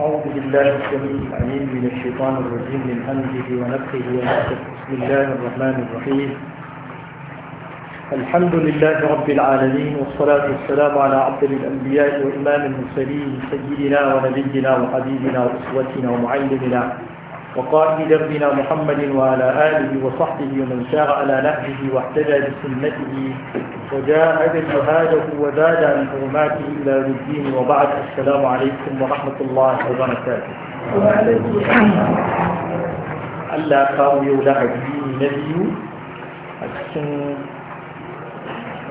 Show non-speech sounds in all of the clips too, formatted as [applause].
أعوذ بالله السميع العليم من الشيطان الرجيم من همزه ونفخه ونفخه بسم الله الرحمن الرحيم الحمد لله رب العالمين والصلاة والسلام على عبد الأنبياء وإمام المرسلين سيدنا ونبينا وحبيبنا وأسوتنا ومعلمنا وقائد دربنا محمد وعلى آله وصحبه ومن سار على نهجه واحتجى بسنته وجاهد جهاده وزاد عن حرماته إلى الدين وبعد السلام عليكم ورحمة الله وبركاته ألا قام يولا الدين نبي السن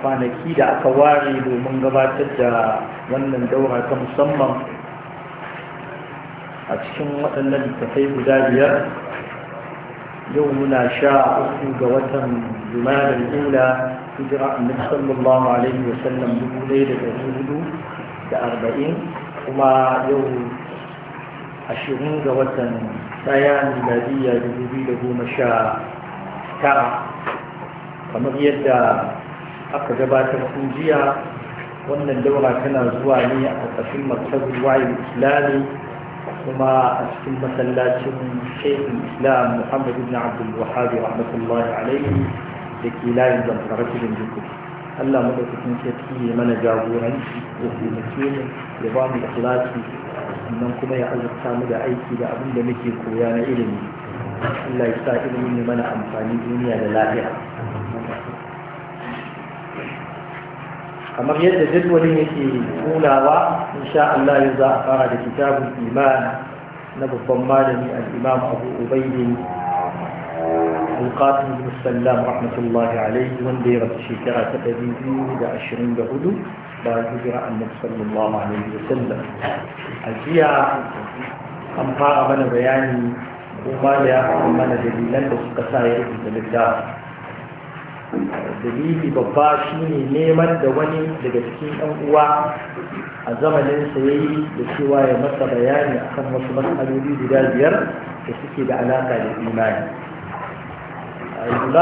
فانا da aka ware domin gabatar da wannan daura a cikin waɗannan littafai guda biyar yau muna sha uku ga watan jumadar ula hijira annabi sallallahu alaihi wa sallam dubu ɗaya da ɗari hudu da arba'in kuma yau ashirin ga watan ɗaya miladiyya dubu biyu da goma sha tara kamar yadda aka gabatar sun jiya wannan daura tana zuwa ne a ƙarƙashin maktabul wayin islami kuma a cikin masallacin shekul islam muhammad ibn abdul wahabi rahmatullahi alaihi da ke layin zamfara cikin jikun allah mu ɗaukakin sarki ya mana jagoranci da taimake mu ya ba mu ikhlasi sannan kuma ya azurta mu da aiki da abin da muke koya na ilimi Allah ya sa ilimin ya mana amfani duniya da lafiya kamar yadda jadwalin yake nunawa insha Allah yau za a fara da kitabun iman na babban malami al-imam Abu Ubayd al-Qasim bin rahmatullahi alayhi wanda ya rasu shekara ta 224 bayan hijira annabi sallallahu alaihi wasallam a jiya an fara mana bayani ko ma da mana dalilan da suka sa ya rubuta littafin dalili babba shine neman da wani daga cikin ɗan uwa a zamanin sa yayi da cewa ya masa bayani akan wasu matsaloli guda biyar da suke da alaƙa da imani al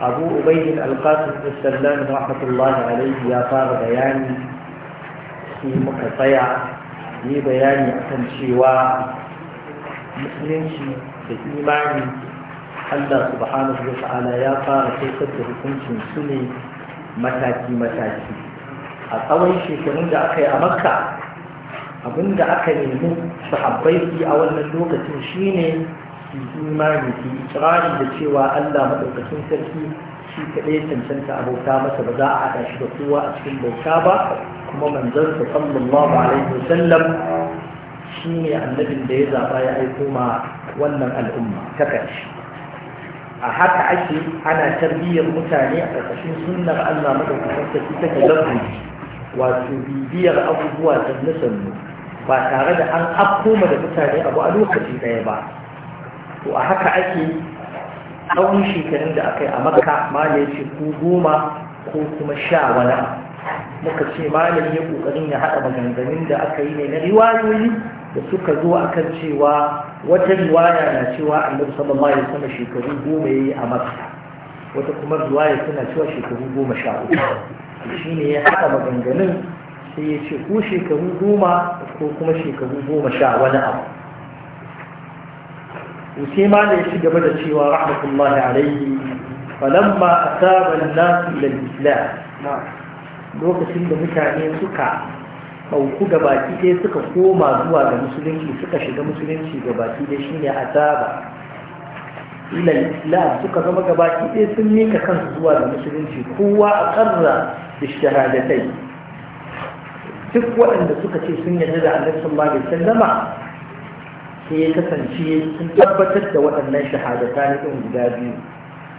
abu ubayd al-qasim rahmatullahi alayhi ya fara bayani shi muka tsaya ni bayani akan cewa musulunci da imani Allah subhanahu wa ta'ala ya fara saukar da hukuncin su ne mataki-mataki a tsawon shekarun da aka yi a makka abinda aka nemi sahabbai su a wannan lokacin shine su imani su ikirari da cewa Allah maɗaukacin sarki shi kaɗai cancanta abota masa ba za a haɗa shi da kowa a cikin bauta ba kuma manzansa sallallahu alaihi sallam, shine annabin da ya zaba ya aiko ma wannan al'umma ta a haka ake ana tarbiyyar mutane a ƙarƙashin sunnar Allah madaukakin sarki ta talabbi wato bibiyar abubuwa sannu sannu ba tare da an afkoma da mutane abu a lokaci ɗaya ba to a haka ake tsawon shekarun da aka yi a maka, malam ya ce ko goma ko kuma sha wani muka ce malam ya ƙoƙarin ya haɗa maganganun da aka yi ne na riwayoyi da suka zo akan cewa wata riwaya na cewa annabi sallallahu alaihi wasallam shekaru goma yayi a makka wata kuma riwaya tana cewa shekaru goma sha uku shine ya haɗa maganganun sai ya ce ko shekaru goma ko kuma shekaru goma sha wani abu sai ma da ya ci gaba da cewa rahmatullahi alaihi falamma asaba an-nas ila al-islam lokacin da mutane suka auku da baki ɗaya suka koma zuwa ga musulunci suka shiga musulunci ga baki ɗaya shine azaba ilal islam suka zama ga baki ɗaya sun mika kansu zuwa ga musulunci kowa a karra da shahadatai duk waɗanda suka ce sun yarda da annabi sallallahu alaihi wasallama sai ya kasance sun tabbatar da waɗannan shahadata ne ɗin guda biyu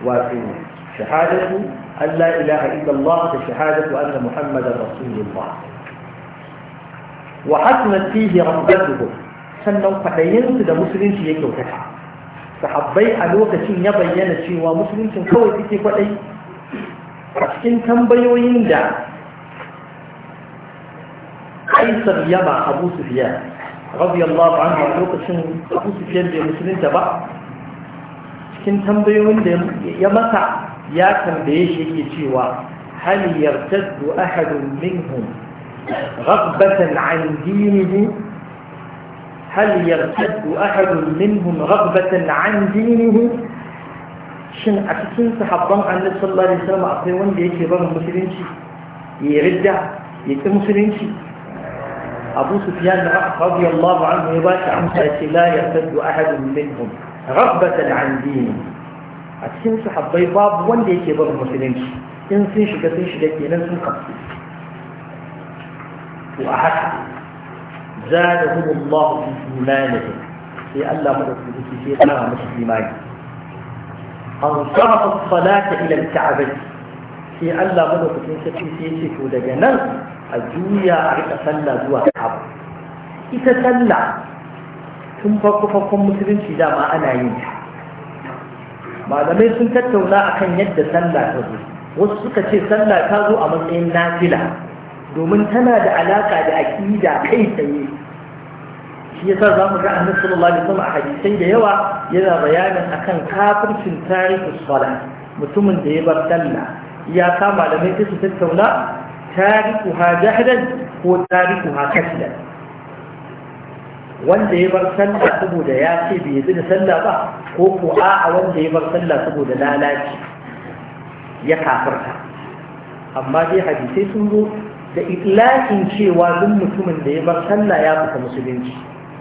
wato shahadatu an la ilaha illallah da shahadatu anna muhammadar rasulullah wa hasnat fihi rabbatuhu sannan kwaɗayensu da musulunci ya kyautata sahabbai a lokacin ya bayyana cewa musuluncin kawai suke kwaɗayi a cikin tambayoyin da kaisar yaba abu sufiya rabi Allah ba a lokacin abu sufiyar da musulunta ba cikin tambayoyin da ya masa ya tambaye shi yake cewa hal yartaddu ahadun minhum غضبة عن دينه هل يرتد أحد منهم غضبة عن دينه شن أكسن صحبان عن صلى الله عليه وسلم أقوان ليه كبار المسلمين يرد يكتب مسلمين أبو سفيان رضي الله عنه يباش عن سأتي لا يرتد أحد منهم غضبة عن دينه أكسن صحبان باب وان ليه كبار المسلمين إنسي شكتن شكتن شكتن to a haka zadahum Allah fi imanihim sai Allah madaukaki sai ya tsara musu imani an sarafa salata ila al sai Allah madaukakin sarki sai ya ce to daga nan a juya a rika sallah zuwa ka'aba ita sallah tun farko farkon musulunci dama ana yin malamai sun tattauna akan yadda sallah ta wasu suka ce sallah ta zo a matsayin nafila domin tana da alaƙa da aƙida kai tsaye shi yasa za mu ga annabi sallallahu alaihi wasallam a hadisai da yawa yana bayanin akan kafircin tarihi sala mutumin da ya bar sallah ya kama malamai mai su tattauna tarihi ha jahilan ko tarihi ha kaslan wanda ya bar sallah saboda ya ce bai yi da sallah ba ko ko a wanda ya bar sallah saboda lalaci ya kafirta amma dai hadisai sun zo da itlaƙin cewa duk mutumin da ya bar sallah ya fita musulunci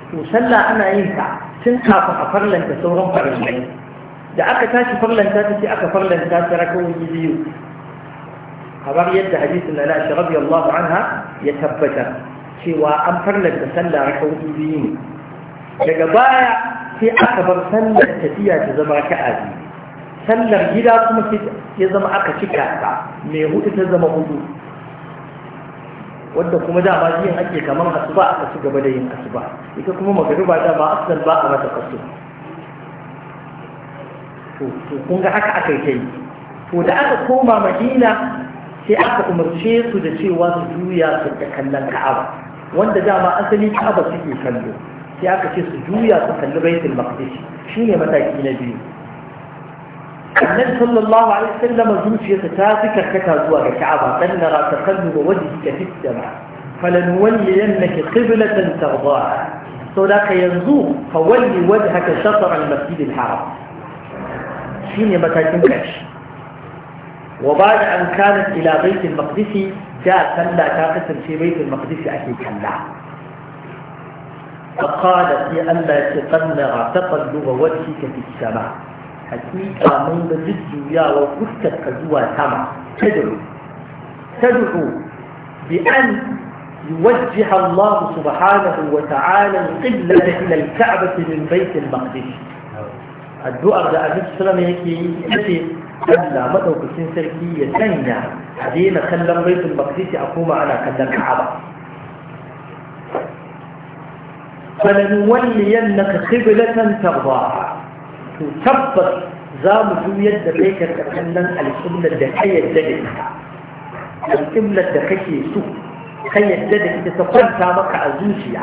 to sallah ana yin ta tun kafin a farlanta sauran farillai da aka tashi farlanta ta ce aka farlanta ta rakawoyi biyu kamar yadda hadisin na nashi radiyallahu anha ya tabbata cewa an farlanta sallah rakawoyi biyu ne daga baya sai aka bar sallar tafiya ta zama ka'azi, sallar gida kuma ya zama aka cika ta mai hudu ta zama hudu wadda kuma ba yin ake kamar asuba aka ci gaba da yin asuba ita kuma magariba ba asal ba a mata kaso to kun ga haka aka kai, to da aka koma madina sai aka umarce su da cewa su juya su da kallon ka'aba wanda dama asali ka'aba suke kallo sai aka ce su juya su kalli baitul maqdis shine mataki na biyu النبي صلى الله عليه وسلم زوجي قتاتك كتازوا كعبا تنرى تقلب وجهك في السماء فلنولينك قبلة ترضاها صدق ينزو فولي وجهك شطر المسجد الحرام شين متى تنكش وبعد أن كانت إلى بيت المقدس جاء سلا كاقسم في بيت المقدس أكي كلا فقالت لألا تقنغ تقلب وجهك في السماء حقيقة من جد يا وفتك زوا تما تدعو تدعو بأن يوجه الله سبحانه وتعالى القبلة إلى الكعبة من بيت المقدس الدعاء ده أبيت سلام يكي يكي ألا مدو كسين سركي يتنى حدينا خلم بيت المقدس أقوم على كذا الكعبة فلنولينك قبلة ترضاها تثبت زام في يد بيك تتحنن على الكملة دخية الدجن الكملة دخية سوء خي الدجن تتفل سامك عزوشي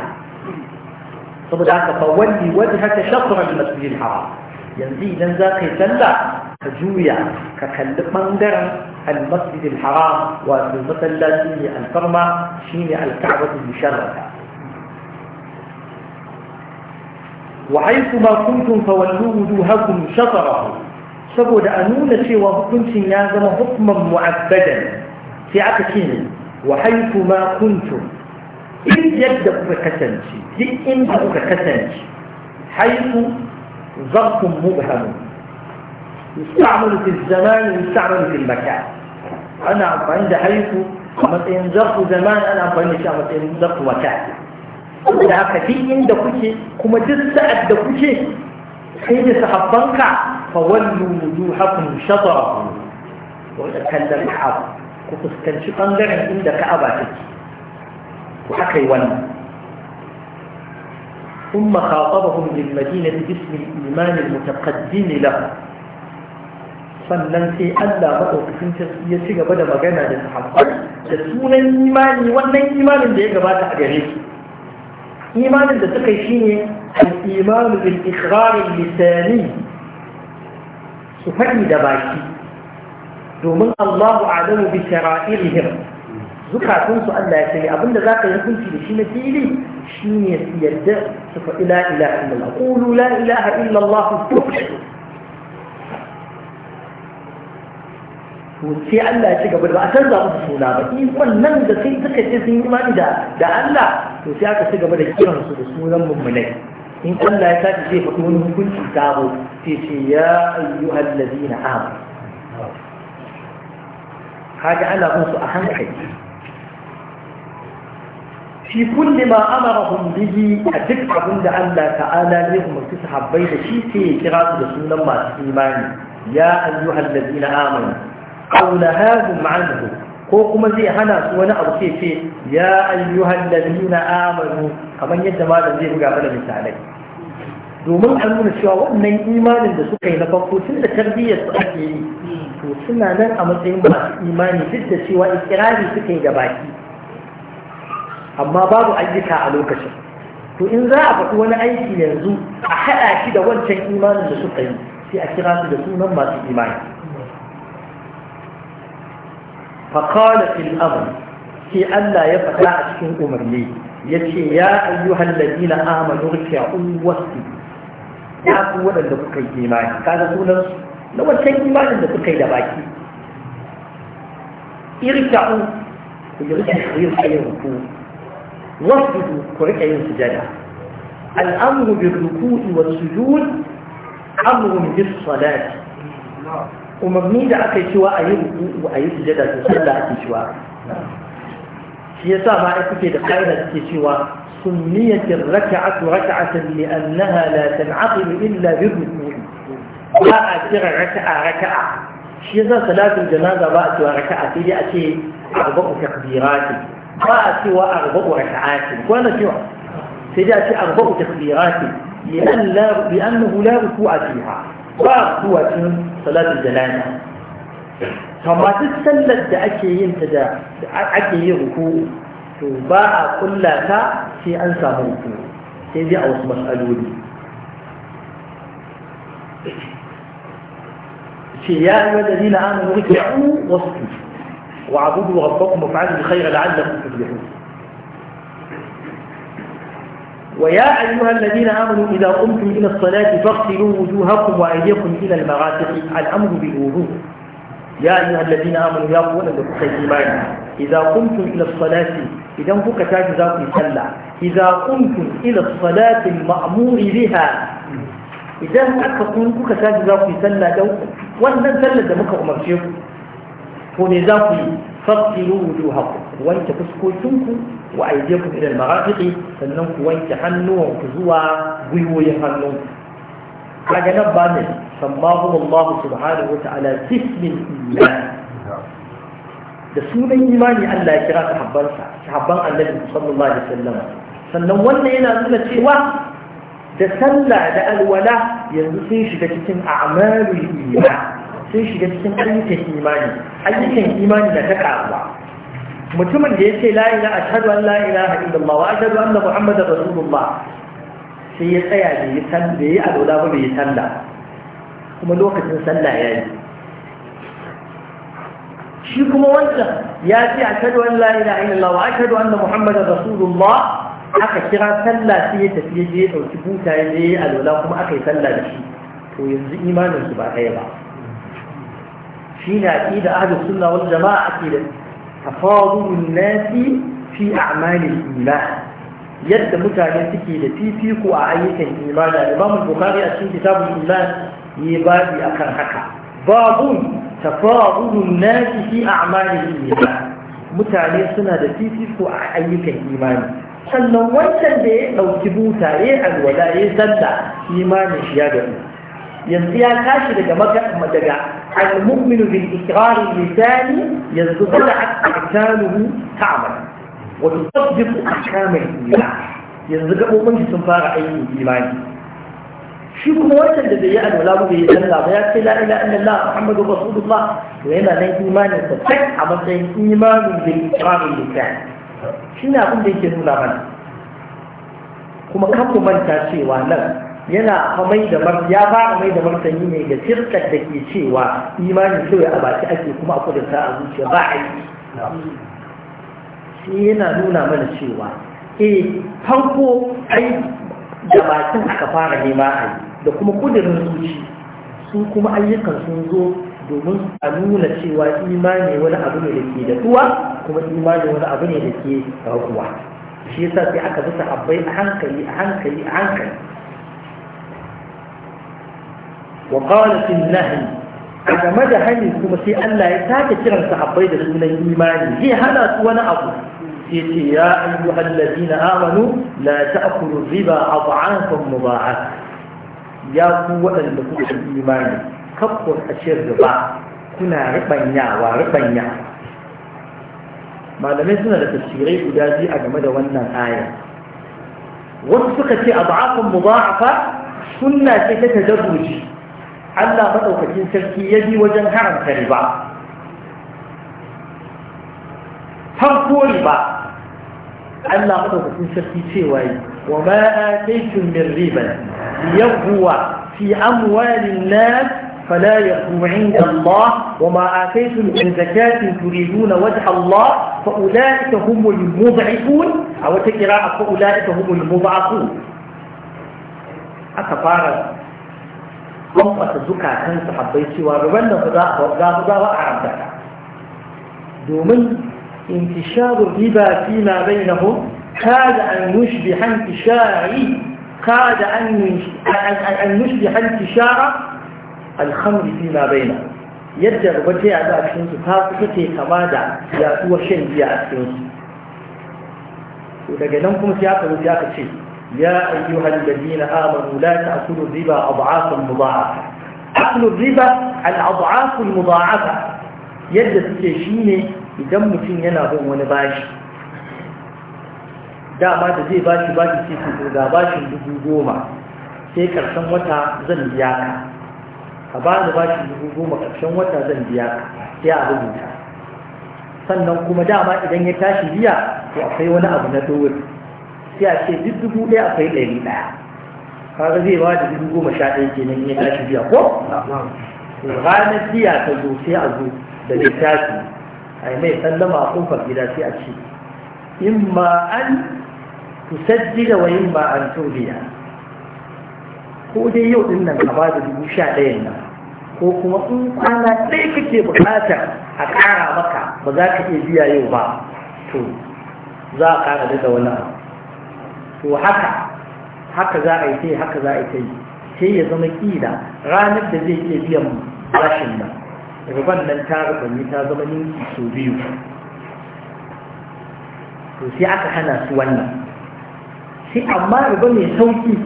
طب دعك فولي وجهك شطر المسجد الحرام ينزي لنزا قتلا فجويا كخلق من المسجد الحرام ومثل لازمي الفرمى الكعبة المشرفة وحيثما كنتم فولوا وجوهكم شطره saboda a nuna cewa hukuncin ya zama hukman mu'abbadan sai aka ce ne wa haifu ma kuntum duk yadda kuka kasance duk inda kuka kasance haifu zarfun mubhamu yusta'malu fi zaman yusta'malu fi makan ana amfani da haifu a matsayin zarfu zaman ana amfani da shi a matsayin zarfu makan saboda haka duk inda kuke kuma duk sa'ad da kuke sai da sahabbanka fa wallu wujuhakum shatara wa kallan ka'aba ku fuskanci bangaren inda ka'aba take ku haka yi wannan ثم خاطبهم للمدينة باسم الإيمان المتقدم له sannan sai Allah maɗaukakin sarki ya ci gaba da magana da sahabbai da sunan imani wannan imanin da ya gabata a gare imanin da suka yi shine al-imanu bil iqrar lisani su faɗi da baki domin Allahu a'lamu bi shara'irihim zukatun su Allah ya sani abinda zaka yi hukunci da shi na fili shine su yarda su faɗi la ilaha illallah qulu la ilaha illallah sai Allah ya ci gaba da ba a canza musu suna ba ikon nan da sai suka ce sun yi imani da da Allah to sai aka ci gaba da kiran su da sunan mummunai in Allah ya tashi zai faɗi wani hukunci sabo sai ce ya ayyuhal ladina amanu kaga ana bin su a hankali fi kulli ma amarahum bihi a duk abin da Allah ta'ala ya umarci sahabbai da shi sai ya kira su da sunan masu imani ya ayyuhal ladina amanu na nahahum anhu ko kuma zai hana su wani abu sai ce ya ayyuhal ladina amanu kamar yadda malam zai buga mana misalai domin an nuna cewa wannan imanin da suka yi na farko tun da tarbiyyar su ake yi to suna nan a matsayin masu imani duk da cewa ikirari suka yi da baki amma babu ayyuka a lokacin to in za a faɗi wani aiki yanzu a haɗa shi da wancan imanin da suka yi sai a kira su da sunan masu imani فقال في الأمر في ألا يفتح أشكين لي يتي يا أيها الذين آمنوا اركعوا واسجدوا يا قوة أن تبقي قال رسول الله لو أنتم إيمان أن تبقي لباكي اركعوا ويركعوا يرجع يركوع واسجدوا وركع سجدا الأمر بالركوع والسجود أمر بالصلاة umarni da aka yi cewa a yi ruku'u a yi sujada to sallah ake cewa shi yasa ma ai kuke da kaida suke cewa sunniyat ar-rak'at rak'atan li'annaha la tan'aqil illa bi ruku'i ba a kira rak'a rak'a shi yasa salatul janaza ba a cewa rak'a sai dai a ce arba'u takbirati ba a cewa arba'u rak'ati ko na cewa sai dai a ce arba'u takbirati لأن لا لأنه لا ركوع فيها لا ركوع صلاة الجنازة كما تتسلل تأكي ينتجا تأكي يغفو تباع كلها في أنسى مرفو سيدي أو مسألوني في يا أيها الذين آمنوا ركعوا وصلوا وعبدوا ربكم وفعلوا الخير لعلكم تفلحون ويا أيها الذين آمنوا إذا قمتم إلى الصلاة فاغسلوا وجوهكم وأيديكم إلى المرافق الأمر بالوضوء يا أيها الذين آمنوا يا قولا لكم إيمان إذا قمتم إلى الصلاة إذا فك تاج ذاك يسلى إذا قمتم إلى الصلاة المأمور بها إذا أك قمتم فك تاج ذاك يسلى لو وأن سلى دمك أمر ذاك فاغسلوا وجوهكم وانت فسكوتنكم وأيديكم إلى المرافق سننكم وانت حنوهم كزوا ويوي حنوهم حاجة نبانا سماهم الله سبحانه وتعالى جسم الإيمان da sunan imani Allah ya kira sahabbansa sahabban annabi sallallahu alaihi wasallam sannan wannan yana nuna cewa da sallah da alwala yanzu sun shiga cikin a'malul iman sun shiga cikin ayyukan imani ayyukan imani da ta karuwa mutumin da ya ce la ila ashhadu an la ilaha illallah wa ashhadu anna muhammadar rasulullah sai ya tsaya da yi san da yi alwala ba bai sallah kuma lokacin sallah ya yi shi kuma wancan ya ce ashhadu an la ilaha illallah wa ashhadu anna muhammadar rasulullah aka kira sallah sai ya tafi ya je ya dauki buta ya je yi alwala kuma aka yi sallah da shi to yanzu imanin su ba kai ba shine aqida ahlus sunna wal jamaa aqida tafadulun nasi fi a'malil iman yadda mutane suke da fifiko a ayyukan imani Imam Bukhari a cikin kitabul iman yi babi akan haka babun tafadulun nasi fi a'malil iman mutane suna da fifiko a ayyukan imani sannan wancan da ya ɗauki buta ya yi alwala ya yi sanda imanin shi ya gani yanzu ya tashi daga المؤمن بالإقرار اللساني يزدلعت أحكامه تعمل وتصدق أحكام الإيمان يزدقوا fara aiki أي إيمان shi kuma wancan da bai yi alwala ba bai yi sallah ba ya ce la ila illallah muhammadu rasulullah to yana nan imanin sa tak a matsayin imanin da ikramin lisan shi ne abin da yake nuna mana kuma kan ku nan yana amai da mar ya ba mai da martani ne ga shirkar da ke cewa imani kawai a baki ake kuma a kudurta a zuciya ba aiki shi yana nuna mana cewa e farko ai da bakin aka fara nema a yi da kuma kudirin zuci su kuma ayyukan sun zo domin a nuna cewa imani wani abu ne da ke da tuwa kuma imani wani abu ne da ke raguwa shi yasa sai aka bisa abbai a hankali a hankali a hankali وقالت النهي أنا ما دهني في سي ألا يتاك ترى سحبيد من الإيمان هي هلا وأنا أقول يا أيها الذين آمنوا لا تأكلوا الربا أضعافا مضاعفة يا قوة المكوح الإيمان كفر الشر ربا كنا ربنا وربنا ما لم يكن هذا التشريع أدازي أجمد وانا آية وصفقتي أضعافا مضاعفة كنا تتجرج Allah madaukakin sarki ya bi wajen haramta riba farko riba Allah madaukakin sarki cewa wa ma ataytum min riba yabwa fi amwalin nas فلا يقوم عند الله وما آتيتم من زكاة تريدون وجه الله فأولئك هم المضعفون أو تقراء فأولئك هم المضعفون أكفارا وقت زكاة تحبي سوى ربنا ان فضاء فضاء وعرضك دومن انتشار الربا فيما بينهم كاد أن يشبه انتشاري كاد أن أن يشبه انتشار الخمر فيما بينهم يدعو بتي على أشخاص تاسكتي كمادا يا أوشين يا أشخاص وده جنبكم سياق وسياق شيء يا أيها الذين آمنوا لا تأكلوا الربا أضعافا مضاعفة أكل الربا الأضعاف المضاعفة يد السكيشين idan mutum yana bin wani bashi dama da zai bashi bashi sai su ga bashin dubu goma sai karshen wata zan biya ka a bashin dubu goma wata zan biya ka sai sannan kuma dama idan ya tashi biya to akwai wani abu na dowar sai a ce duk dubu ɗaya akwai ɗari ɗaya kaga zai ba da dubu goma sha ɗaya kenan ya tashi biya ko ranar biya ta zo sai a zo da littafi a yi mai sallama a kofar gida sai a ce in ma an tusajjila wa in ma an tobiya ko dai yau ɗin nan ka ba da dubu sha ɗayan nan ko kuma in kwana ɗaya kake buƙatar a ƙara maka ba za ka iya biya yau ba to za a ƙara daga wani abu to haka haka za a yi ta yi haka za a yi ta yi sai ya zama ƙila ranar da zai iya biyan bashin nan riban nan ta rubani ta zama ninki sau biyu to sai aka hana su wannan sai amma riba mai sauki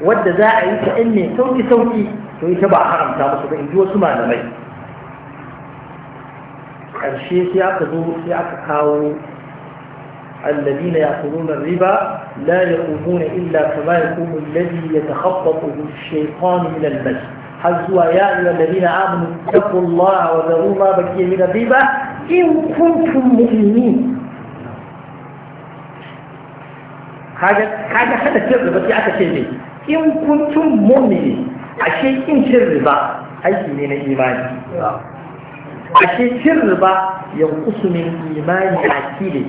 wadda za a yi ta in mai sauki sauki to ita ba haramta musu ba in ji wasu malamai ƙarshe sai aka zo sai aka kawo الذين يأكلون الربا لا يقومون إلا كما يقوم الذي يتخبطه الشيطان من المس حزوا يا أيها الذين آمنوا اتقوا الله وذروا ما بقي من الربا إن كنتم مؤمنين حاجة حاجة حاجة الربا بس يعطى شيء إن كنتم مؤمنين عشان إن الربا أي من الإيمان شر الربا ينقص من إيمان عكيله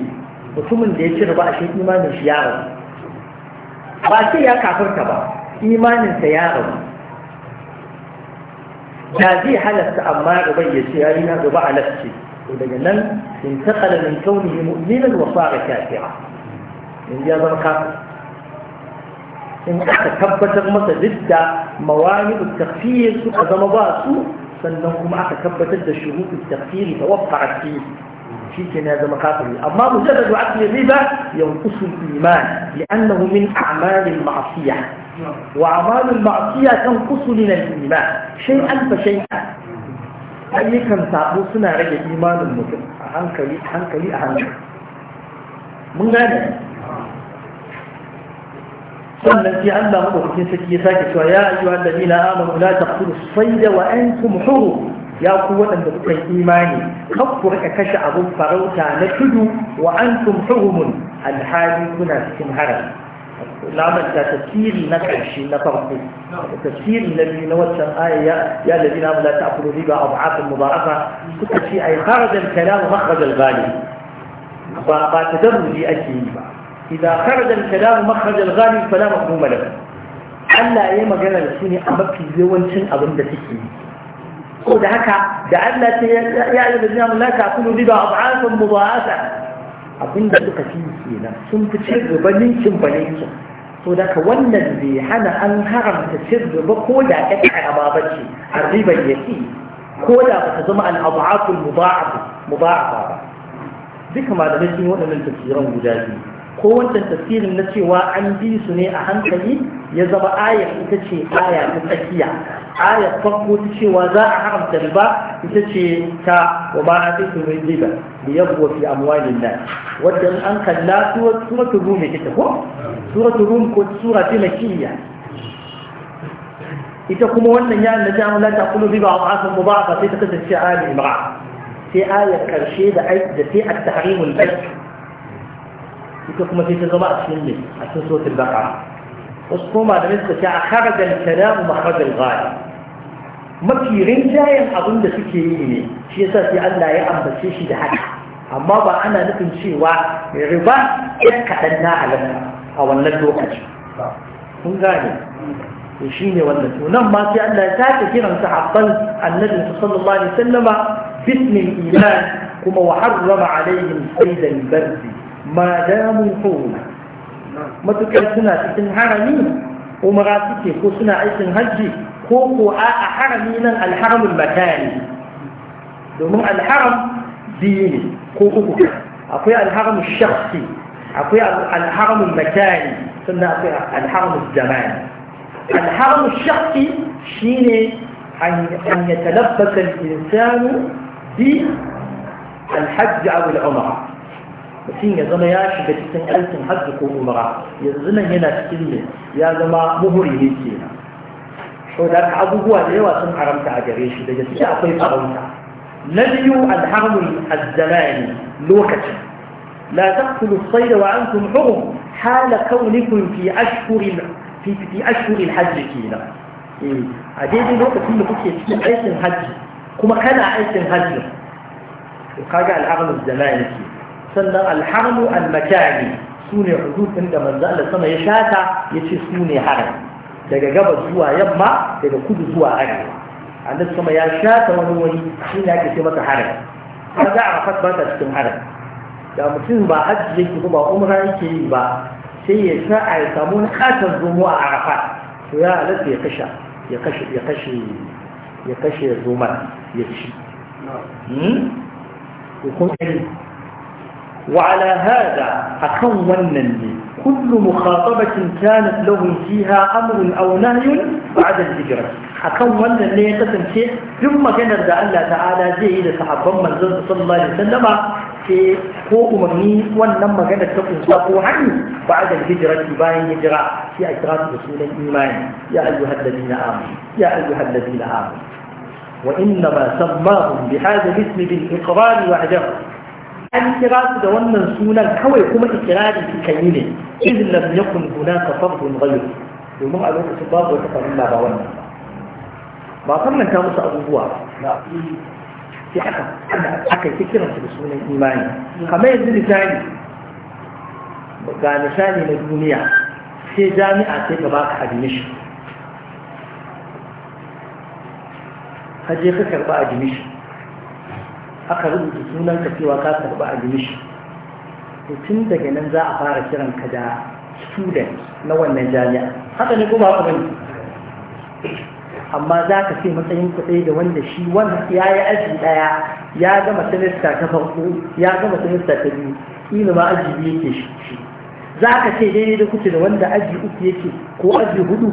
mutumin da ya ci ba shi imanin shi ya rabu ba ce ya kafirta ba imanin sa ya rabu da zai halatta amma riba ya ce ya yi na riba to daga nan in taƙala min kaunihi mu'minan wa fara kafira in ya zama kafir in aka tabbatar masa duk da mawani su suka zama ba su sannan kuma aka tabbatar da shuruɗin tafiyar da wafa a في كنيازة مقاتلية أما مجدد عدل الربا ينقص الإيمان لأنه من أعمال المعصية وأعمال المعصية تنقص من الإيمان شيئا فشيئا أي كم تعبو سنة رجع إيمان المكر أهنك لي أهنك من غير سنة في عندنا مرة في سكية ساكت ويا أيها الذين آمنوا لا تقتلوا الصيد وأنتم حرم ya ku waɗanda kuka imani kafur ka kashe abin farauta na tudu wa an tum hurumun alhali kuna cikin haram lamanta tafsiri na ƙarshe na farko tafsiri na biyu na waccan aya ya labi na mula ta akulu riba abu afin mubaraka suka ce ai kharajar kalamu makharajar gani ba ba ta daruri ake yi ba idan kharajar kalamu makharajar gani fa na lahu Allah ya yi magana da su ne a mafi yawancin abin da suke yi ko da haka da Allah ce ya yi da jami'in laka kulu riba a ba'afin mu ba'asa abinda suka fi kenan sun fi cin riba ninkin ba ninkin to daga wannan bai hana an haramta cin riba ko da ya karama ba ce a ribar ya fi ko da ba ta zama al'abu'afin mu ba'afa ba duka malamai sun yi waɗannan tafsiran guda biyu ko wancan tafsirin na cewa an bi su ne a hankali ya zama ayar ita ce aya ta tsakiya ayar farko ta cewa za a haramta riba ita ce ta wa ba a fi tumin riba da yabwa fi amwalin nan wadda an kalla suratu rum ita ko suratu rum ko sura ta makiyya ita kuma wannan ya annabi an la ta kullu riba wa asan mubarak sai ta kasance ali imra sai ayar karshe da da sai at-tahrimul bayt ita kuma sai ta zama a cikin ne a cikin suratul baqara الصومة دمسك يا خرج الكلام مخرج الغاية ما في رنجاية أظن ده شيء يعني شيء ساسي الله يعلم بس شيء ده حاجة أما بقى أنا نبي شيء وا ربا إتكلمنا على أو نلدو كذي هم قالوا وشيني ولا شيء ونما في الله ساتة كنا نتعطل النبي صلى الله عليه وسلم باسم الإيمان وما وحرم عليهم سيد البرد ما داموا حولنا matukar suna cikin harami umara suke ko suna aikin hajji ko ko a harami nan alharamul makani domin alharam dini ko uku akwai alharamin shakhsi akwai alharamul makani sannan akwai alharamul jama'i alharamin shakhsi shine an yatalabbasa al-insanu bi الحج أو العمرة mutum ya zama ya shiga cikin aikin hajji ko umara yanzu nan yana cikin ne ya zama muhuri ne ke na sau da abubuwa da yawa sun haramta a gare shi daga ciki akwai farauta na biyu alharmun azzamani lokacin la taqtulu as-sayda wa antum hurum hala kaunikum fi ashhuril fi fi ashhuril hajj kenan a daidai lokacin da kuke cikin aikin hajji kuma kana aikin hajji to kaga alharmun zamani kenan sannan alharmu al-makani su ne hudud da manzo Allah sama ya shata ya ce su ne haram daga gabas zuwa yamma daga kudu zuwa arewa annabi sama ya shata wani wani shi ne ake ce masa haram kaga arafat ba ta cikin haram da mutum ba hajji yake ba umra yake yi ba sai ya sa a ya samu katon zomo a arafat to ya halatta ya kashe ya kashe ya kashe ya kashe ya ci hmm? وعلى هذا أكون كل مخاطبة كانت لهم فيها أمر أو نهي بعد الهجرة أكون لي قسم شيء ثم كان رضا الله تعالى زي إذا صحبا من صلى الله عليه وسلم في هو مني ولما كانت تقوم صاحبه عني بعد الهجرة باين هجرة في إكرام رسول الإيمان يا أيها الذين آمنوا يا أيها الذين آمنوا وإنما سماهم بهذا الاسم بالإقرار وحده an kira su da wannan sunan kawai kuma ikirari suka yi ne in lam yakun hunaka fardun ghayr domin a lokacin babu wata farilla ba wannan ba ta musu abubuwa sai aka aka yi kiran su da sunan imani kamar yanzu misali ga misali na duniya sai jami'a sai ka baka admission ka je ka karba admission aka rubuta sunan ka cewa ka karɓi admission to tun daga nan za a fara kiran ka da student na wannan jami'a haka ne kuma ku bane amma za ka ce matsayin kuɗi da wanda shi wanda ya yi aji ɗaya ya gama semester ta farko ya gama semester ta biyu ƙila ma aji biyu yake shi za ka ce daidai da kuke da wanda aji uku yake ko aji hudu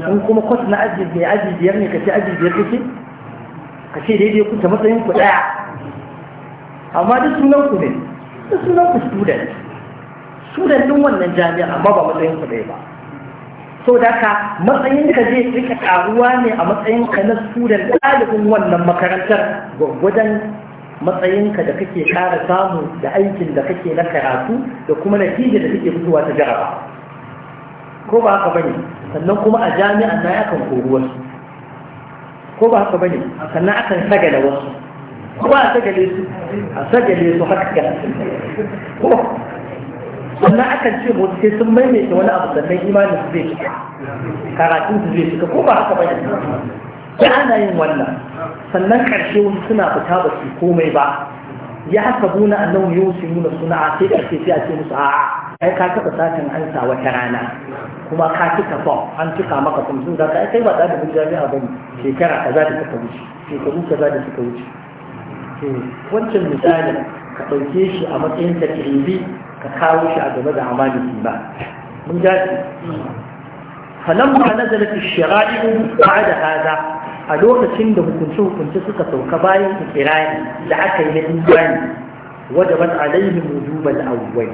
in kuma kwas na aji mai aji biyar ne ka ce aji biyar kake ka ce daidai kuke matsayin ku ɗaya amma duk sunan ku ne duk sunan ku student student din wannan jami'a amma ba matsayin ku ɗaya ba so da ka matsayin ka zai rika karuwa ne a matsayin ka na student ɗalibin wannan makarantar gwaggwadon matsayin ka da kake ƙara samu da aikin da kake na karatu da kuma natija da kake fitowa ta jaraba ko ba haka bane sannan kuma a jami'a na yakan kori wasu ko ba haka bane sannan akan sagala wasu هو سجل سجل يسحق كلام ولا أكل شيء مودي ثم ما يمشي ولا أبدا ما إيمان يسبيك كاراتين تزيد كم بعد كم يجي أنا يوم ولا فلنك شيء وسنا بتهاب السكوم يبع يحسبون أنهم يوسمون صناعة تلك في أسي مسعى أي كاكا بساك أن أنسى وكرانا كما كاكا كفا أنت قام قطم سنزاك أي كيف أدى بجانبها بني في كرا كذلك تكوش في كذلك تكوش wancan misalin ka ɗauke shi a matsayin takribi ka kawo shi a game da amalin ba mun dace falamma nazalat ash-shara'i da hada a lokacin da hukunce hukunce suka sauka bayan ikirani da aka yi na imani wajabat alaihim wujubal awwal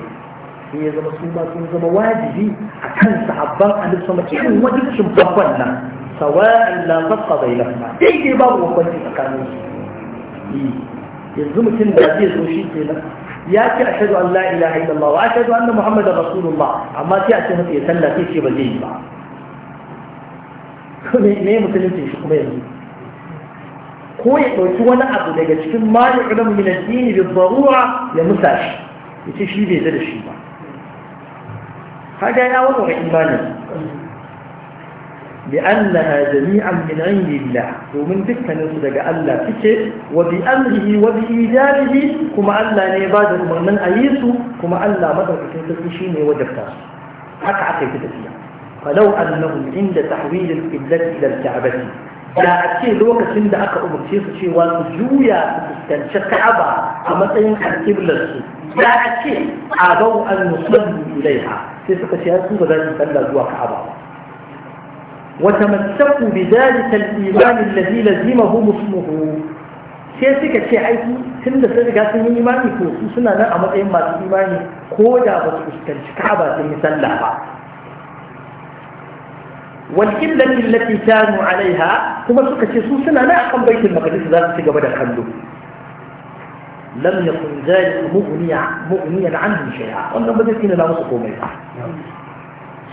sai ya zama su ba sun zama wajibi a kan sahabban annabi sama irin wajibcin babban nan sawa'an la faqqa bainahuma daidai babu tsakanin su. yanzu mutum da zai zo shi ke nan ya ce a shaɗu an la'ila haɗallah wa a shaɗu an na muhammadu rasulullah amma sai a ce masa ya sallah sai ce ba zai yi ba ne [laughs] musulunci shi kuma yanzu ko ya ɗauki wani abu daga cikin mali ulam min addini bi darura ya musa shi ya ce shi bai da shi ba kaga ya wani imanin لأنها جميعا من عند الله ومن ذكر نصدق الله فيك وبأمره وبإيجابه كما ألا نعباد من أيس كما ألا مدرك تتشيني ودفتاس حكا حكا تتفيا فلو أنهم عند تحويل القبلة إلى الكعبة da a ce lokacin da aka umarce su cewa su juya su fuskanci ka'aba a matsayin alƙiblar su da a ce a bau an musallu ilaiha sai suka ce a su ba za zuwa ka'aba ba وتمسكوا بذلك الإيمان الذي لزمهم اسمه sai suka ce aiki tun da sun sun yi imani ko su suna nan a matsayin masu imani ko da ba su fuskanci ka'aba sun yi sallah ba wal qillati allati kanu alaiha kuma suka ce su suna nan akan baitul maqdis za su ci gaba da kallo lam yakun zalika mughniya mughniyan anhu shay'a wannan ba zai tina musu komai ba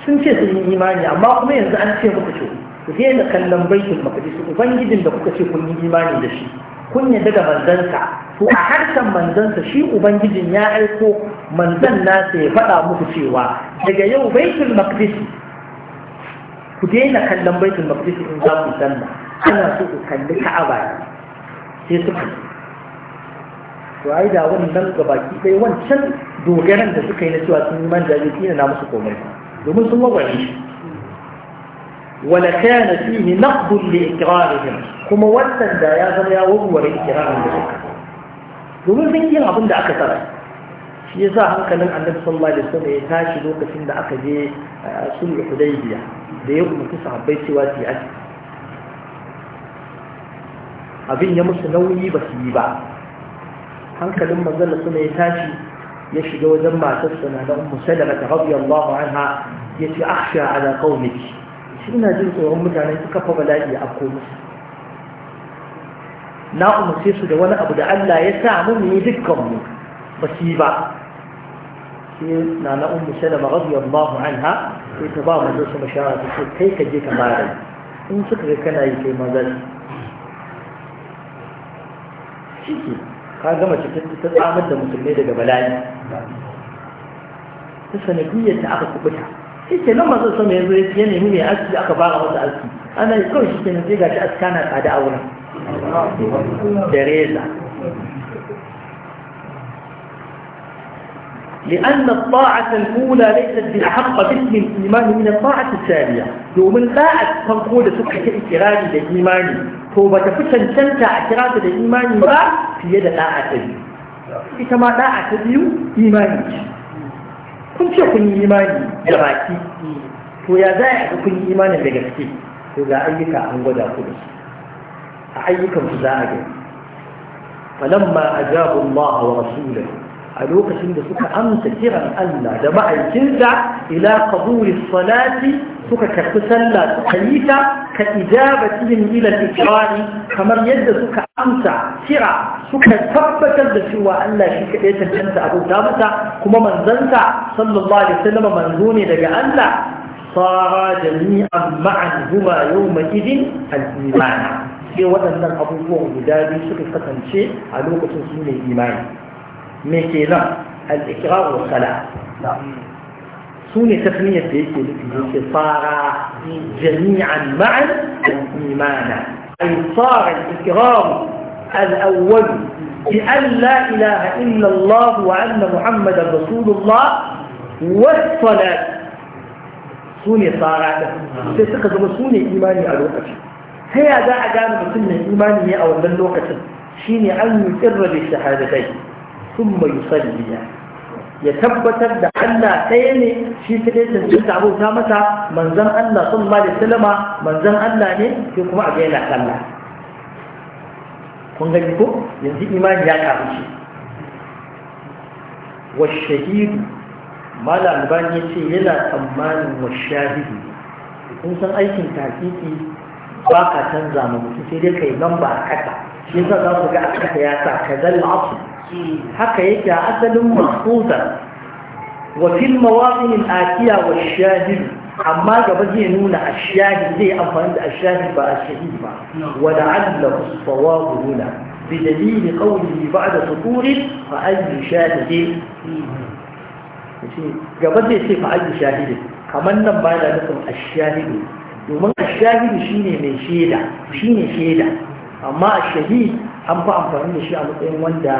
sun ce sun yi imani amma kuma yanzu an ce muku ce ku daina kallon baitul maqdis ubangijin da kuka ce kun yi imani da shi kun yadda da manzansa to a harshen manzansa shi ubangijin ya aiko manzan nasa ya faɗa muku cewa daga yau baitul maqdis ku daina kallon baitul maqdis in za ku sanna ana so ku kalli ka'aba sai suka to ai da wannan gabaki sai wancan dogaran da suka yi na cewa sun yi man jami'i na musu komai domin sun warware shi wala kana fihi naqd li ikrarihim kuma wannan da ya zama ya warware ikrarin da suka domin sun yi abin da aka tsara shi yasa hankalin annabi sallallahu alaihi wasallam ya tashi lokacin da aka je eh, sulhu hudaybiya da ya umarci sahabbai cewa su yi abin ya musu nauyi ba su yi ba hankalin manzon da suna ya tashi ya shiga wajen matarsa na da ummu salama ta radiyallahu anha yace akhsha ala qaumiki ina jin tsoron mutanen su kafa bala'i a ko na umarce su da wani abu da Allah ya sa mu mu dukkan mu ba su ba sai na na ummu salama radiyallahu anha sai ta ba manzo su mashara ta ce kai ka je ka fara in suka ga kana yi kai shi ke ka gama ce ta tsamar da musulmai daga bala'i ta sanadiyyar ta aka kubuta shi ke nan mazan sama yanzu ya nemi mai aski aka bara masa aski ana yi kawai shi ke nan zai gashi aska na tsada a wurin da reza لأن الطاعة الأولى ليست بالأحق باسم الإيمان من الطاعة الثانية يوم الطاعة تنقول سكة إكرام الإيمان هو بتفتن تنتع إكرام الإيمان بقى fiye da ɗa'a ta biyu ita ma ɗa'a ta biyu imani ce kun ce kun yi imani da baki to ya za a kun yi imanin da gaske to ga ayyuka an gwada ku da su a ayyukan ku za a gani falamma ajabu Allah wa rasulahu a lokacin da suka amsa kiran Allah da ma'aikinsa ila qabuli salati suka karɓi sallah suka yi ta ka ijabatihim cikin al-ikrari kamar yadda suka amsa kira suka tabbatar da cewa Allah shi kaɗai tantance abota mata kuma manzanta sallallahu alaihi wasallam manzo ne daga Allah sara jami'an ma'an huma yawma idin al-iman sai waɗannan abubuwan guda biyu suka kasance a lokacin su ne imani me kenan al-ikrar wa salat سوني تسمية ديكي لكي صار جميعا معا إيمانا أي صار الإكرام الأول بأن لا إله إلا الله وأن محمدا رسول الله والصلاة سوني صار تسقط سوني إيماني على الوقت هي ذا أجانب سنة إيمانية أو من الوقت شيني أن يقر بالشهادتين ثم يصلي يعني. ya tabbatar da Allah ɗaya ne shi ta ɗaya cancanta mata, masa manzan Allah sun ma da salama manzan Allah ne ke kuma a yana sallah kun gani ko yanzu imani ya karu shi wa malam ya ce yana tsammanin wa shahidu kun san aikin tahqiqi ba ka canza mu sai dai kai nan ba kasa shi yasa za ku ga aka ya sa kazal asr haka yake a asalin mahfuza wa fil mawaqin al-atiya wa shahid amma gaba zai nuna a ashahid zai amfani da a ashahid ba a ashahid ba wa da sawabu nuna bi dalili qawlihi ba'da sukuri fa ayyu shahid gaba zai ce fa ayyu shahid kamar nan ba da nufin ashahid domin ashahid shine mai shaida shine shaida amma a ashahid an fa amfani da shi a matsayin wanda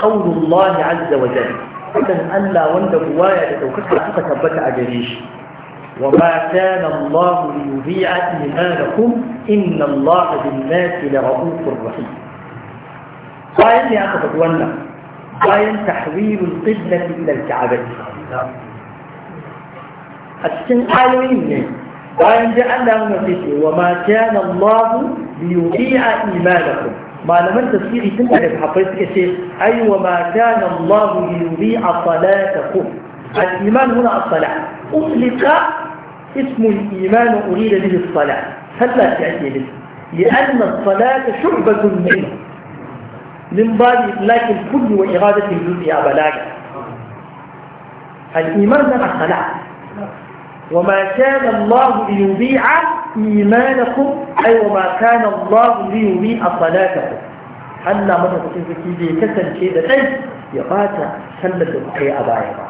قول الله عز وجل إذن ألا وند هوايا لتوكس حقيقة تبت أجريش وما كان الله ليذيع إيمانكم إن الله بالناس لرؤوف رحيم قائل لي أخذ أدوانا قائل تحويل القبلة إلى الكعبة أتسن قالوا إني قائل جعل لهم وما كان الله ليذيع إيمانكم ما لم تسيري تنتهي بحفظ كثير أي وما كان الله ليضيع صلاتكم الإيمان هنا الصلاة أطلق اسم الإيمان أريد به الصلاة هل لا تعني به لأن الصلاة شعبة منه من بعد لكن الكل وإرادة الجزء أبلاك الإيمان هنا الصلاة وما كان الله ليضيع إيمانكم أي وما كان الله ليريء صلاتكم Allah madaukakin sarki zai kasance da ɗai ya bata sallar da kuka yi a baya ba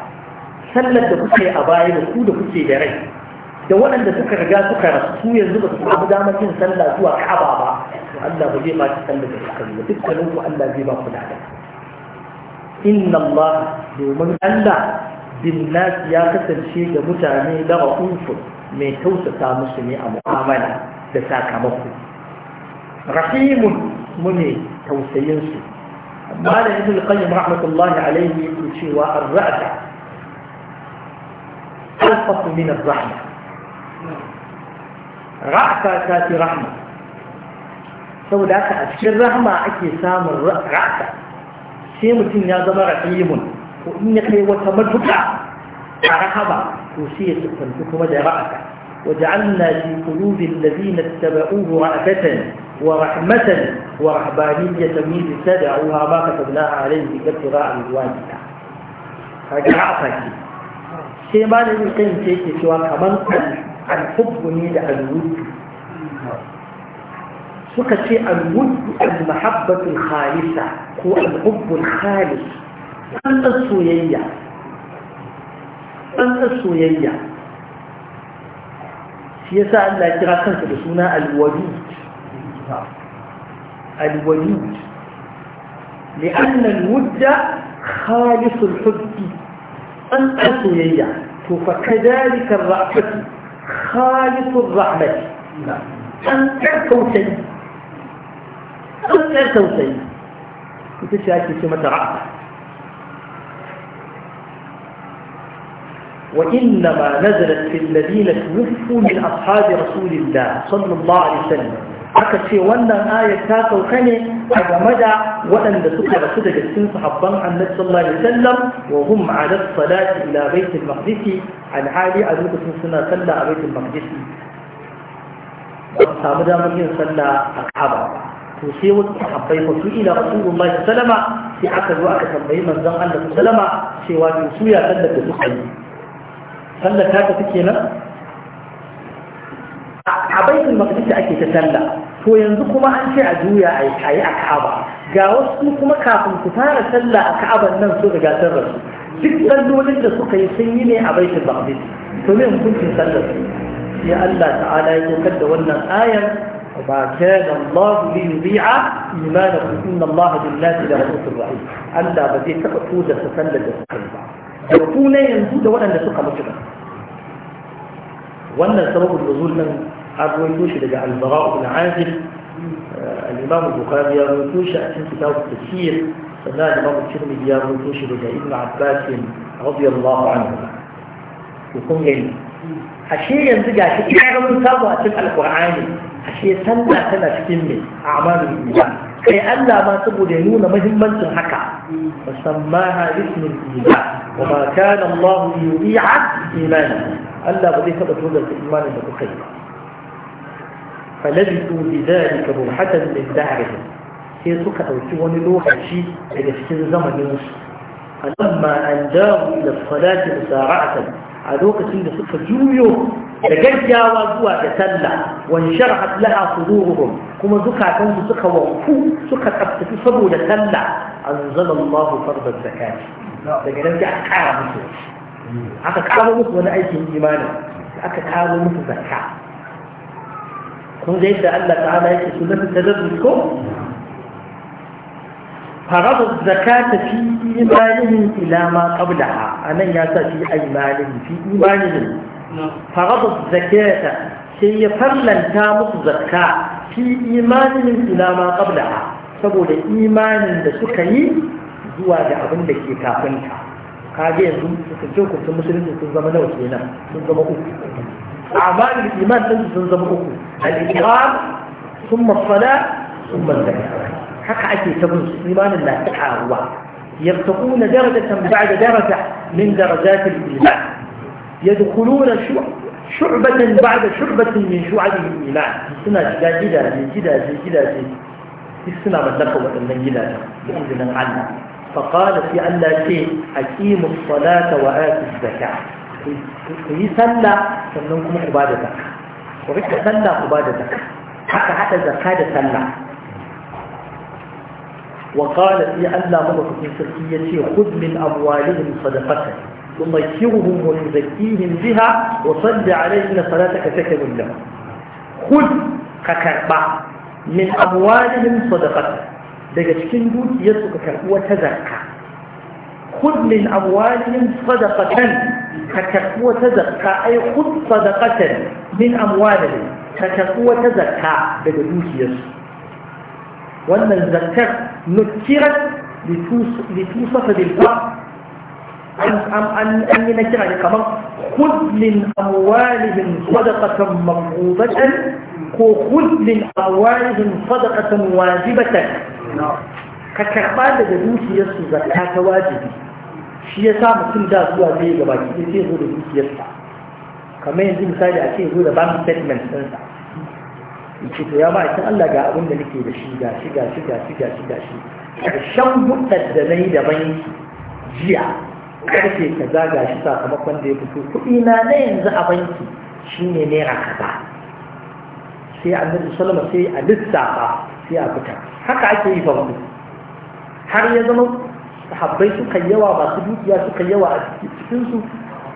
sallar da kuka yi a baya da ku da kuke da rai da waɗanda suka riga suka rasu yanzu ba su samu damar yin sallah zuwa ka'aba ba to Allah ba zai bata sallar da kuka yi ba dukkanin ku Allah zai ba ku lada inna Allah domin Allah bin nasi ya kasance da mutane da ra'ufun mai tausata musu ne a mu'amala da sakamako rahimun mu ne tausayinsu amma da yanzu qayyim rahmatullahi alaihi yake cewa ar-ra'da alfatu min ar-rahma ra'sa ta fi rahma saboda haka a cikin rahma ake samun ra'sa sai mutum ya zama rahimun ko in ya kai wata matuƙa a rahama موسيقى فانفكوا مدى رأسك وجعلنا في قلوب الذين اتبعوه رأفة ورحمة ورحبانية من اتبعوها ما كتبناها عليه بكتراء الواجهة فاجع رأسك كما نقول قيم شيء سواء كمان الحبني لألود سوك شيء الود المحبة الخالصة هو الحب الخالص أن السويين لا الوليد الوليد لأن الود خالص الحب أن السويية فكذلك الرأفة خالص الرحمة أن التوسيد أن التوسيد أنت شاكي سمت ce وإنما نزلت في الذين توفوا من أصحاب رسول الله صلى الله عليه وسلم aka ce wannan ayar ta sauka ne a game da waɗanda suka rasu daga cikin sahabban annabi sallallahu alaihi wasallam wa hum ala salati ila baitul maqdis alhali a lokacin suna sallah a baitul maqdis ba samu damar yin sallah a Kaaba to sai wasu sahabbai fa su ila rasulullahi sallama sai aka zo aka tambayi manzon Allah sallama cewa to su ya sallar da suka yi sallar ta ta take nan a baitul maqdis ake ta talla to yanzu kuma an ce a juya a yi a ka'aba ga wasu kuma kafin ku fara sallah a ka'aba nan su da sun rasu duk sallolin da suka yi sun yi ne a baitul maqdis to me hukuncin sallar ya Allah ta'ala ya dokar da wannan ayar وما كان da ليضيع إيمانكم allah ba zai لرؤوف tuda sallar da أقول تسلل ba. da ku na yanzu da waɗanda suka mutu wannan sababin nuzul nan an rawaito shi daga al-bara'u bin azib al-imam al-bukhari ya rawaito shi a cikin kitab tafsir sannan al-imam tirmidhi ya rawaito shi daga ibn abbas radiyallahu anhu ku kun gani ashe yanzu gashi ina ga mun samu a cikin alqur'ani ashe sallah tana cikin mai a'malul iman kai Allah ma saboda nuna muhimmancin haka musamma ha ismul iman wa ma kana Allah yu'i'a imana Allah ba zai taba tozar da imanin da kuka yi falabitu bi dhalika burhatan min da'ihi sai suka dauki wani lokaci daga cikin zamaninsu falamma an jahu ila salati musara'atan a lokacin da suka juyo da gaggawa zuwa da sallah wani sharhat laha sururuhum kuma zukatan su suka wanku suka tsaftaci saboda sallah an zama anzalallahu fardar zakat daga nan sai aka kara musu aka karo musu wani aikin imani aka karo musu zakka kun zai da yadda Allah ta'ala yake sunan tadarrus ko فرض الزكاة في إيمانهم إلى ما fi imanin يأتى في أيمانهم في إيمانهم فرض الزكاة شيء فرلا تامس زكاة في إيمانهم إلى saboda imanin da suka yi zuwa da abin da ke kafin ka kage yanzu hukuncin musulunci sun zama nawa kenan sun zama uku amma iman sun zama uku al-iqam thumma salat thumma zakat haka ake ta bin الله imanin الله يرتقون درجة بعد درجة من درجات الإيمان يدخلون شعبة بعد شعبة من شعب الإيمان سنة جدا جدا جدا جدا السنة من لكم وأن جدا بإذن الله فقال في أن لا شيء أقيموا الصلاة وآتوا الزكاة في سنة سننكم عبادتك وفي سنة عبادتك حتى حتى زكاة سنة وقالت لأنه مرفق من سلسيتي خذ من أموالهم صدقه ثم وتزكيهم بها وصل عليه إن صلاتك سكن له خذ ككربع من أموالهم صدقه صدقتك لقد كنت يسكك وتذكى خذ من أموالهم صدقة كتقوى تذكى أي خذ صدقة من أموالهم كتقوى تذكى بدلوك يسكك wannan zakkar nukirat litusata bil ba an an yi na kira ne kamar khudlin amwalihim sadaqatan maqrubatan ko khudlin amwalihim sadaqatan wajibatan ka karba daga dukiyarsu zakka ta wajibi shi ya sa mutum da zuwa zai gaba ki sai zo da dukiyarsa kamar yanzu misali a ce zo da bank statement ɗinsa yace to ya ba Allah ga abin da nake da shi ga shi ga shi ga shi ga shi ga shi karshen hudar da nayi da banki jiya karfe kaza ga shi sakamakon da ya fito kuɗi na na yanzu a banki shine naira kaza sai annabi sallama sai a lissafa sai a fita haka ake yi fa har ya zama sahabbai suka yawa masu dukiya suka yawa a cikinsu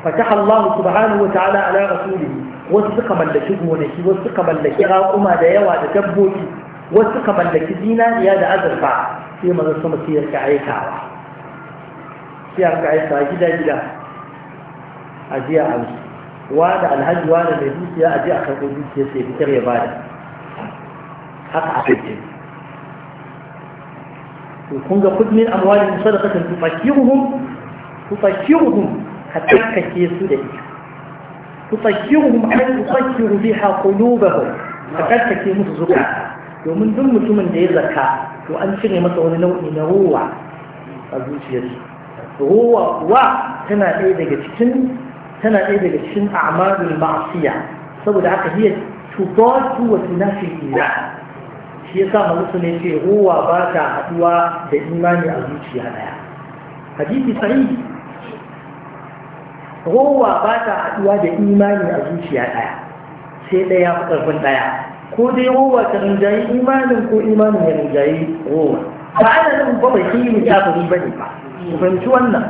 فتح الله سبحانه وتعالى على رسوله wasu suka mallaki gonaki wasu suka mallaki raƙuma da yawa da dabbobi wasu suka mallaki zinariya da azurfa sai manzo sama sai yarka aikawa sai yarka aikawa gida gida a jiya an wa da alhaji wa da mai dukiya a jiya a karɓar dukiya sai fitar ya bada haka a kai kun ga kudin amwalin sadaqatan tufakiruhum tufakiruhum ka tsarkake su da ita tufakkirhum an tufakkiru biha qulubahum ka tsarkake musu zuka domin duk mutumin da ya zaka to an cire masa wani nau'i na ruwa a ruwa wa tana ɗaya daga cikin tana ɗaya daga cikin a'malul maasiya saboda haka hiya tubatu wa tunafi ila shi yasa ne ce ruwa ba ta haɗuwa da imani a zuciya ɗaya hadisi sahihi rowa ba ta haɗuwa da imani a zuciya ɗaya sai ɗaya ya fi ƙarfin ɗaya ko dai rowa ta rinjaye imanin ko imanin ya rinjaye rowa ba ana nan ba bai yi mu kafiri ba ne ba ku fahimci wannan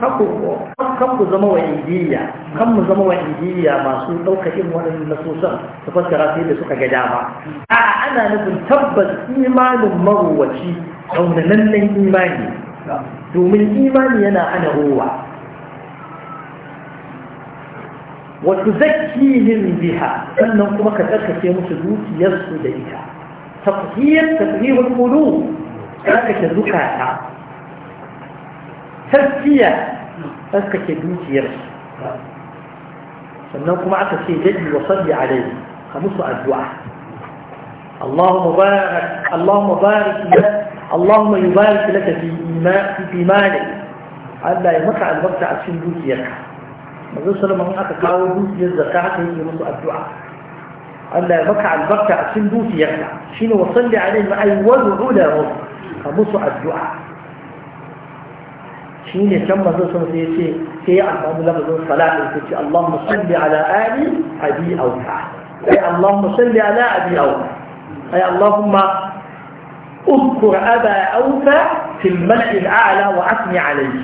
kan zama wa indiya kan mu zama wa indiya masu ɗauka irin waɗannan nasosan su fassara sai da suka ga dama a ana nufin tabbas imanin marowaci ƙaunanannen imani domin imani yana ana rowa وتزكيهم بها فانهم كما كتبت في مسلوك يزكو ذلك تطهير تطهير القلوب كما كتبت زكاة تزكية كما كتبت يرسل فانهم كما كتبت جدي وصلي عليه خمس أدواء اللهم بارك اللهم بارك لك اللهم يبارك لك في ايمانك في مالك الا يمكع ان على سندوك يركع الرسول ما هو أتقاو دوسي الزكاة هي مسوء الدعاء أن مكع المكع سن دوسي يكع شين وصلي عليهم أي وضعوا الدعاء شين اللهم صلي على آل أبي أو أي اللهم صلي على أبي أو أي اللهم اذكر أبا أوفى في الملء الأعلى وأثني عليه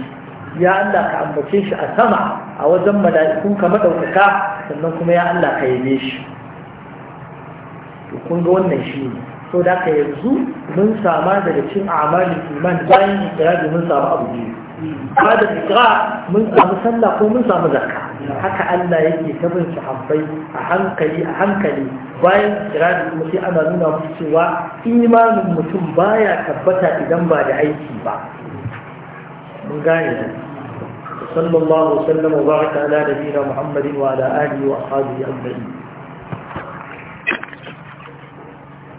ya Allah ka ambace shi a sama a wajen mala'ikun ka madaukaka sannan kuma ya Allah ka yabe shi to kun ga wannan shi ne so da ka yanzu mun sama daga cin amali iman bayan ikirari mun samu abu biyu ba da ikira mun samu sallah ko mun samu zakka haka Allah yake ta bin sahabbai a hankali a hankali bayan ikirari kuma sai ana nuna musu cewa imanin mutum baya tabbata idan ba da aiki ba mun gane صلى الله وسلم وبارك على نبينا محمد وعلى آله وأصحابه أجمعين